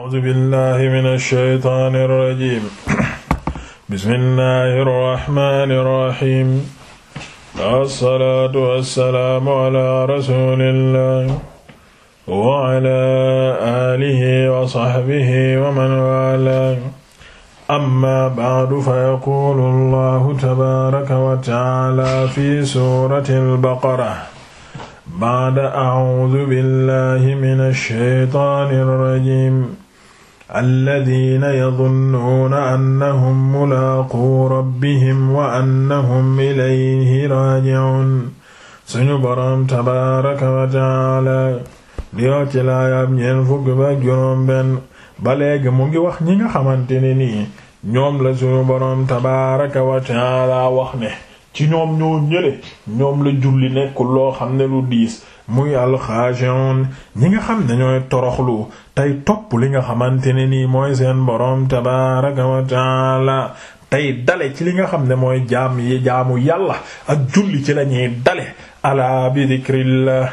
A'uuzu billaahi mina shaytaani rajiim. Bismillaahi rahmaani rahiim. As-salaatu wa salaamu alaa rasuulillaahi wa alaa aalihi wa sahbihi wa man waalaahu. Ammaa ba'du fayaquulu Allaahu tabaaraka wa ta'aalaa fi suuratil baqara. Ba'da a'uuzu billaahi mina shaytaani rajiim. alladina yadunnuuna annahum mulaaquu rabbihim wa annahum ilayhi raaji'uun suñu boroom tabaaraka wa taala di wax ci laayaab ñeen fukk ba juróom benn ba léegi mu ngi wax ñi nga xamante ne nii ñoom la suñu boroom tabaaraka wa taala wax ne ci ñoom ñoo ñële ñoom la julli nekkul loo xam ne lu diis muy alxaaji'uun ñi nga xam ne ñooy toroxlu tey topp li nga xamante ne nii mooy seen boroom tabaaraka wa taala tey dale ci li nga xam ne mooy jaam yi jaamu yàlla ak julli ci lañuy dale alaa bi dikrillah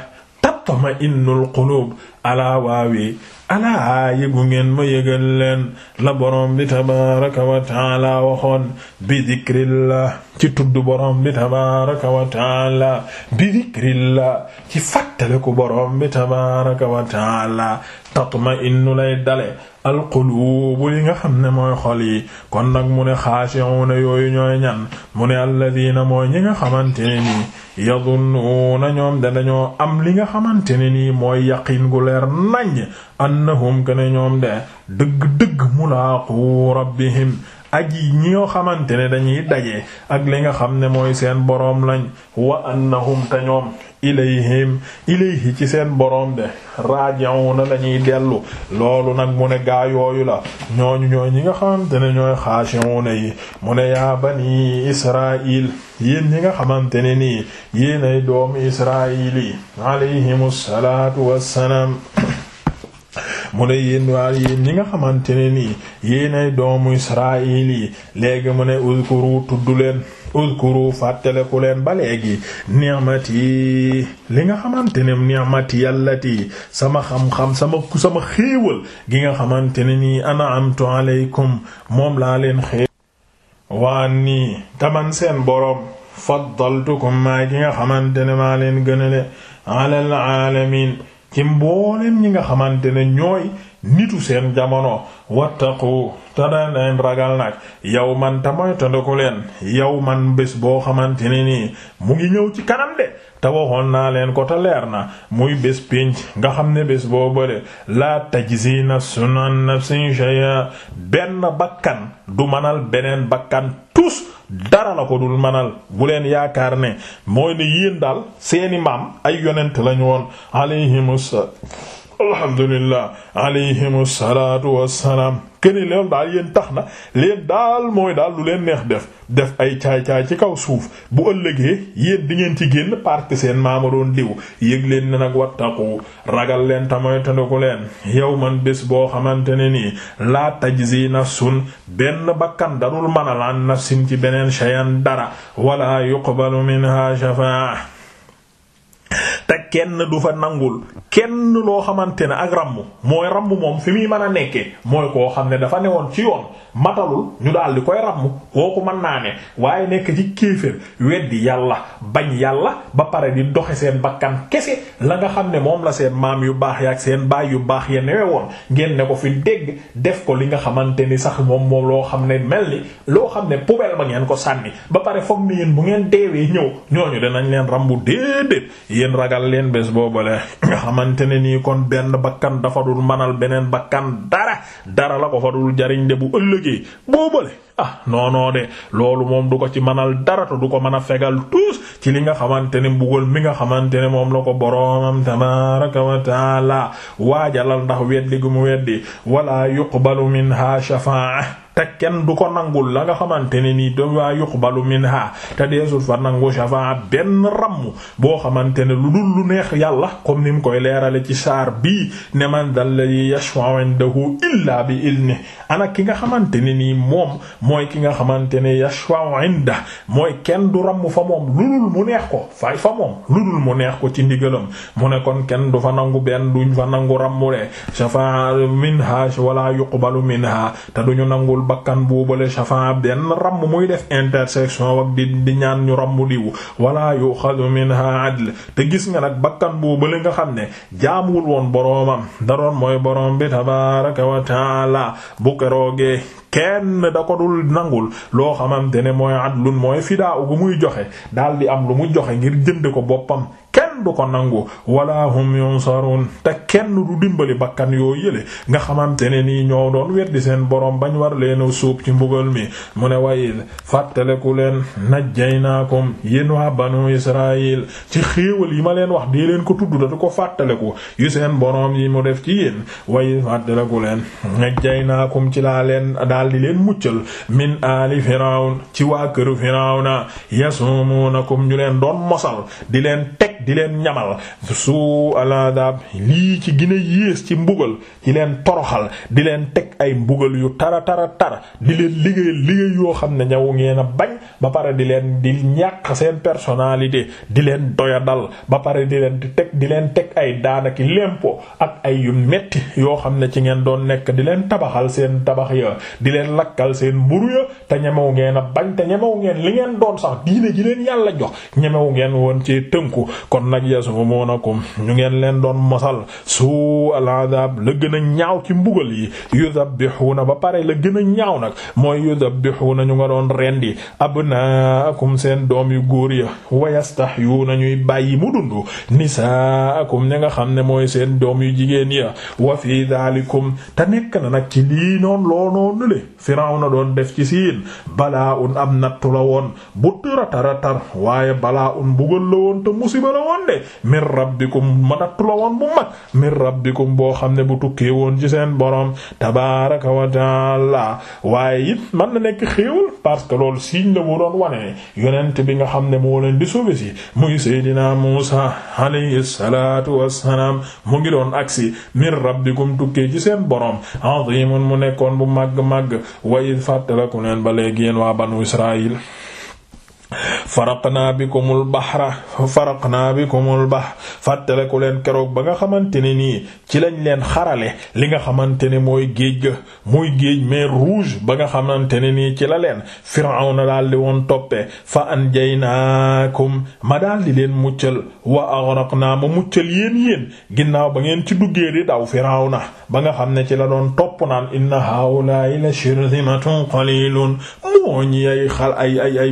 tatma alaa waawi alaa yëgu ngeen ma yëgal la borom bi tabaaraka wa taala waxoon bi dikrillah ci tudd borom bi tabaaraka wa bi dikrillah ci fàttale ko borom bi tabaaraka wa taala lay dale alquluubu li nga xam ne mooy xol yi kon nag mu ne xaashi'uuna yooyu ñooy ñan mu ne alladiina mooy ñi nga xamante ne nii yadunnuuna ñoom de dañoo am li nga xamante ne nii mooy yaqiin gu leer naññ annahum kana ñoom de dëgg-dëgg mulaaqu rabbihim ak yi ñi nga xamante ne dañuy daje ak li nga xam ne mooy seen boroom lañ wa annahum te ñoom ilayhim ilayhi ci seen boroom de raji'una lañuy dellu loolu nag mu ne gaa yooyu la ñooñu ñooy ñi nga xamante ne ñooy xaashi'una yi mu ne yaa bani israil yéen ñi nga xamante ne nii yéenay doomu israil yi alayhimu salaatu wassalaam mu ne yéen waa yéen li nga xamante ne nii yéenay doomu Israayil yi léegi mu ne uzkuru tudd leen uzkuru fàtteleku leen ba léegi ni'mati li nga xamante ne ni'mati yallati sama xam-xam sama sama xéewal gi nga xamante ne nii an'amtu alaykum moom laa leen xéewal waa nii taman seen boroom faddaltukum maay gi nga xamante ne maa leen gënale alal alamin ci mboolem ñi nga xamante ne ñooy nitu seen jamono wattaqu te da ragal nag yow man te mooy leen yow man bés boo xamante ne nii mu ngi ñëw ci kanam de te waxoon naa leen ko te leer na muy bés pénc nga xam ne bés boo bële laa tajzi nafsun an nafsin shay'a benn bakkan du manal beneen bakkan. tous dara la ko dul manal bu yaakaar ne mooy ne yéen daal seeni maam ay yonent lañu woon alayhimus alhamdulillah alayhim salaatu wassalaam keni loolu daal yéen tax na leen daal mooy daal lu leen neex def def ay caay-caay ci kaw suuf bu ëllëgee yéen di ngeen ci génn parce que seen maama doon diw yëg leen ne nag wattaqu ragal leen tamoy tandiku leen yawman bés boo xamante ne nii laa tajzi nafsun benn bakkan darul manalaan nafsin ci beneen shay'an dara wala yuqbalu minha shafaa te kenn du fa nangul kenn loo xamante ne ak ramm mooy rambu moom fi muy man a nekkee mooy koo xam ne dafa newoon ci yoon matalul ñu daal di koy ramm kooku mën naa ne waaye nekk ci kéefër weddi yàlla bañ yàlla ba pare di doxe seen bakkan kese la nga xam ne moom la seen maam yu baax yaak seen baay yu baax ya newe woon ngeen ne ko fi dégg def ko li nga xamante ni sax moom moom loo xam ne mel ni loo xam ne poubelle ba ngeen ko sànni ba pare foog ni yéen ragal leen bés boobale nga xamante ne nii kon benn bakkan dafa dul manal beneen bakkan dara dara la ko fa dul jariñ de bu ëllëgee boobale ah non de loolu moom du ko ci manal dara te du ko mën a fegal tuus ci li nga xamante ne mbugal mi nga xamante ne moom la ko boroomam tabaaraka wa taala waajalal ndax weddi gu mu weddi wala yuqbalu minha shafaa te kenn du ko nangul la nga xamante ne nii dawaa yuqbalu minha te deesul fa nangu shafa benn ramm boo xamante ne lu dul lu neex yàlla comme nin koy leerale ci saar bii ne man dalladi yashfa'u indahu illa bi ilni ana ki nga xamante ne nii moom mooy ki nga xamante ne yashfa'u inda mooy kenn du ramm fa moom lu dul mu neex ko fay fa moom lu dul mu neex ko ci ndigalam mu ne kon kenn du fa nangu benn duñ fa nangu rammulee shafa minha wala yuqbalu seen bakkan boobale shafan benn ramm muy def intersection wak di ñaan ñu ramm diwu wala yuxadu minha adl te gis nga nag bakkan boobale nga xam ne jaamuwul woon boroomam daroon mooy boroom bi tabaraka wa taala bu keroogee kenn da ko dul nangul loo xamante ne mooy adlun mooy fidaa gu muy joxe daal di am lu mu joxe ngir jënd ko boppam kenn du ko nangu wala hum yunsarun te kenn du dimbali bakkan yoo yële nga xamante ne nii ñoo doon weddi seen boroom bañ war leen suub ci mbugal mi mu ne waaye fàttaleku leen naa najjaynaakum yéen waa banu israil ci xéewal yi ma leen wax dee leen ko tudd da du ko fàttaleku yu seen boroom yi mu def ci yéen waaye fàttaleku leen najjaynaakum ci laa leen daal di leen muccal min aali firawn ci waa këru firawna yasumunakum ñu leen doon mosal di leen di leen ñamal su aladab lii ci gën a yées ci mbugal di leen toroxal di leen teg ay mbugal yu tara tara tara di leen liggéey liggéey yoo xam ne ñaw ngeen a bañ ba pare di leen di ñàq seen personnalité di leen doya ba pare di leen di teg di leen teg ay daanaki lempo ak ay yu yoo xam ne ci ngeen doon nekk di leen tabaxal seen tabax ya di leen lakkal seen mburu ya te ñemewu ngeen a bañ ngeen li ngeen doon sax diine ji leen yàlla jox ñemewu ngeen woon ci tënku kon nag yasumunakum ñu ngeen leen doon mosal su al'adab la gën a ñaaw ci mbugal yi yudabbihuna ba pare la gën a ñaaw nag mooy yudabbihuna ñu nga doon rendi abnaakum seen doom yu góor ya wa yastahyuna ñuy bàyyi mu dundu nisaakum ña nga xam ne mooy seen doom yu jigéen ya wa fi daalikum te nekk na nag ci lii noon loo noonu le Firawna doon def ci siin balaa un am nattu la woon bu tëra tara tar waaye balaa un mbugal la woon te musiba la woon de min rabbikum manattu la woon bu mag min rabbikum boo xam ne bu tukkee woon ci seen borom tabaaraka wa taala waaye it man na nekk xéewal parce que loolu signe la bu doon wane yonent bi nga xam ne moo leen di sauver si muy Seydina Muusa alayhi salaatu wassalaam mu ngi doon agsi min rabbikum tukkee ci seen borom azimun mu nekkoon bu màgg màgg way fàttalaku leen ba léegi yéen waa banu Israil faraqnaa bikumul bahra faraqnaa bikumul bahr fàttaleku leen keroog ba nga xamante ne nii ci lañ leen xarale li nga xamante ne mooy géej ga muy géej mer ba nga xamante ne nii ci la leen Firawna daal di woon toppe fa anjaynaakum ma daal di leen muccal wa aghraqnaa ma muccal yéen yéen ginnaaw ba ngeen ci duggee di daw Firawna ba nga xam ne ci la doon topp naan inna haa'ulaa'i la shirzimatun qaliilun mooñ ay xal ay ay ay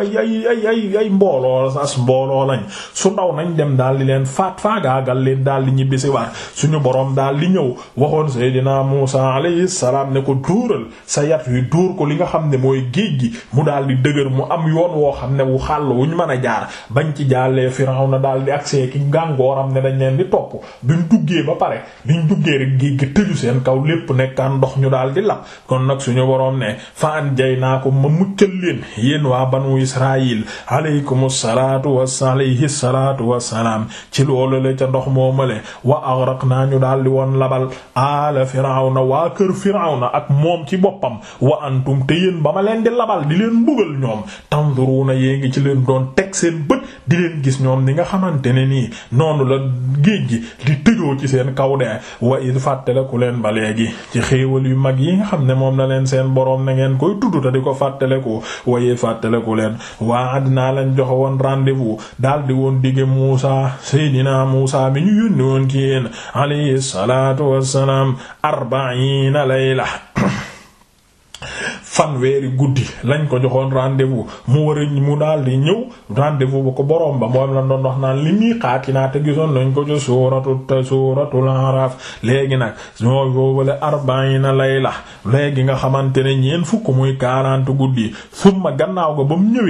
ay ay ay ay ay mbooloo sa mbooloo lañ su ndaw nañ dem daal di leen faat faagaagal leen daal di ñibbisi waat suñu boroom daal di ñëw waxoon Seydina Muusa alayhi salaam ne ko dóoral sa yat wi dóor ko li nga xam ne mooy géej gi mu daal di dëgër mu am yoon woo xam ne wu xàll wuñ man a jaar bañ ci jaalee Firawna daal di accès ki gàngooram ne dañ leen di topp duñ duggee ba pare buñ duggee rek géej gi tëju seen kaw lépp nekkaan ndox ñu daal di lap kon nag suñu borom ne fa naa ko ma Israil aleykum salaatu wa alayhi salaatu wa salaam ci loolu la ca ndox moomale wa aghraqnaa ñu daal di woon labal ala firawna waa kër firawna ak moom ci boppam wa antum te ba ma leen di labal di leen mbugal ñoom tanzuruna yee ngi ci leen doon teg teg seen bët di leen gis ñoom ni nga xamante ne nii noonu la géej gi di tëjoo ci seen kaw de wa id fàttaleku leen ba léegi ci xéewal yu mag yi nga xam ne moom na leen seen boroom na ngeen koy tudd di ko fàttaleku waye fàttaleku leen waa àddina lañ joxe woon rendez-vous daal di woon digge Muusa Seydina Muusa mi ñu yónni woon ci yéen alayhi salaatu wassalaam arba'iina layla fanweeri guddi lañ ko joxoon rendez-vous mu war a mu daal di ñëw rendez-vous ba ko borom ba moom la doon wax naan li muy xaati naa te gisoon lañ ko ci suuratu te suuratul Araf léegi nag ñoo boobale arbaina layla léegi nga xamante ne ñeent fukk muy quarante guddi summa gannaaw ga ba mu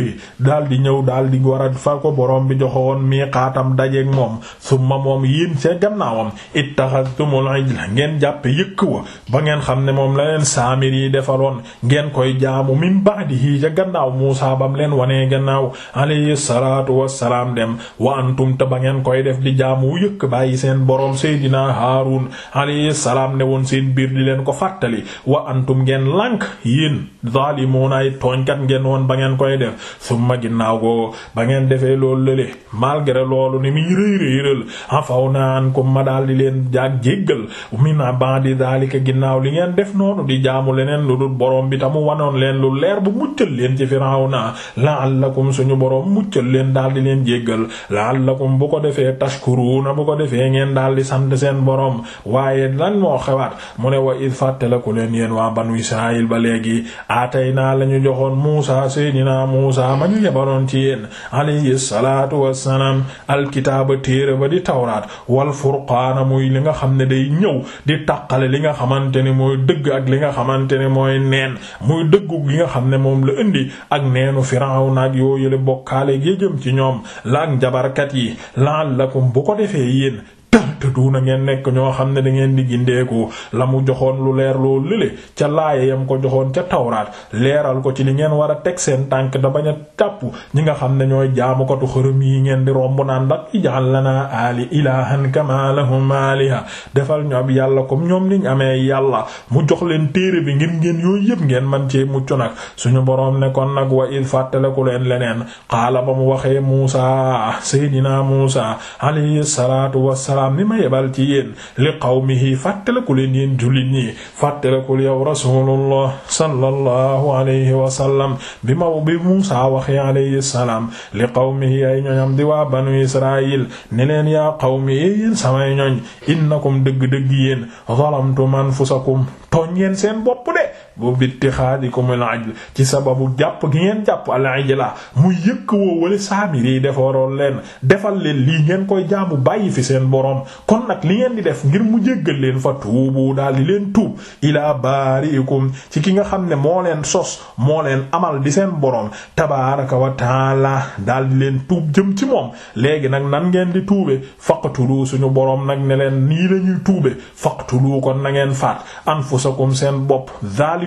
di ñëw daal di war a fa bi joxoon mii xaatam dajeeg moom summa moom yéen see gannaawam ittaxastumul ijla ngeen jàppe yëkk wa ba ngeen xam ne moom la leen saamir yi defaloon ngeen ko koy jaamu min ba'dihi ca gannaaw Muusaa bam leen wanee gannaaw alayhi salaatu wassalaam dem wa antum ta ba ngeen koy def di jaamu yëkk bàyyi seen boroom Seydina Haarun alayhi salaam ne woon seen biir di leen ko fàttali wa antum ngeen lànk yéen zaalimuuna ay tooñkat ngeen woon ba ngeen koy def summa ginnaaw ko ba ngeen defee loolu lële malgré loolu ni muy rëy rëyral afawnaa ankum ma daal di leen jaag jéggal min ba'di zaalika ginnaaw li ngeen def noonu di jaamu leneen lu dul boroom bi tamu wanoon leen lu leer bu muccal leen ci Firawna la'allakum suñu boroom muccal leen daal di leen jéggal la'allakum bu ko defee tashkuruna bu ko defee ngeen daal di sant seen boroom waaye lan moo xewaat mu ne wa id fàttalaku leen yéen waa banu Israayil ba léegi aataynaa la ñu joxoon Muusaa seydinaa Muusaa ma ñu yebaloon ci yéen alayhi salaatu wassalaam alkitaaba téere ba di tawraat wal furqaana muy li nga xam ne day ñëw di taqale li nga xamante ne mooy dëgg ak li nga xamante ne mooy neen muy dëggu gi nga xam ne moom la indi ak neenu Firawna ak yoo yële bokkaale gi jëm ci ñoom la ak njabarkat yi la'allakum bu ko defee yéen tëtuuna ngeen nekk ñoo xam ne da ngeen di gindeeku la mu joxoon lu leer loo lële ca laaya yam ko joxoon ca tawraat leeral ko ci li ngeen war a teg seen tànk da bañ a ñi nga xam ne ñooy jaamukatu xërëm yi ngeen di romb naan dak ij'al lana ali ilahan kama lahum aliha defal ñu ab yàlla comme ñoom niñ amee yàlla mu jox leen téere bi ngir ngeen yooyu yëpp ngeen man cee mucc nag suñu boroom ne kon nag wa il fàttaleku leen leneen xaala ba mu waxee Muusa sayidina Muusa alayhi salaatu salaam mi ma yebal ci yéen li qawmihi fàttaliku leen yéen jullit ñi fàttalikul yow rasulullah sallallahu alayhi wa sallam bi maw bi Muusaa waxee alayhi salaam li qawmihi ay ñoñam di waa banu Israayil ne leen yaa qawmi yéen samay ñoñ innakum dëgg-dëgg yéen zalamtum anfusakum tooñ yéen seen bu ko al-ajl ci sababu jàpp gi ngeen jàpp al la mu yëkk woo wala saamiri yi defaroon leen defal leen lii ngeen koy jaamu bàyyi fi seen boroom kon nag li ngeen di def ngir mu jéggal leen fa tuubu daal di leen tuub ilaa baariikum ci ki nga xam ne moo leen sos moo leen amal di seen boroom tabaaraka wa taala daal di leen tuub jëm ci moom léegi nag nan ngeen di tuube faqtulu suñu borom nag ne leen nii lañuy tuube faqtulu kon na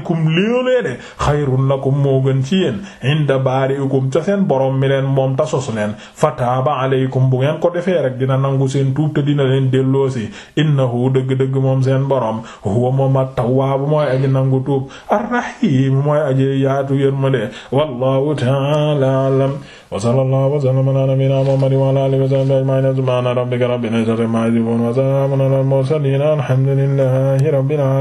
alaykum liolee de xayrun lakum moo gën ci yéen inda baariikum ca seen borom mi leen moom tasos leen fataaba alaykum bu ngeen ko defee rek dina nangu seen tuub te dina leen delloosi innahu dëgg-dëgg moom seen borom huwa moom at-tawwaabu mooy aji nangu tuub ar-rahiim mooy aji yaatu yërmande wallahu ta'ala a'lam wa sallallahu wa sallama ala nabiyyina muhammadin wa ala alihi wa sahbihi ajma'in subhana rabbika rabbil izzati amma yasifun wa salamun ala al-mursalin alhamdulillahi rabbil alamin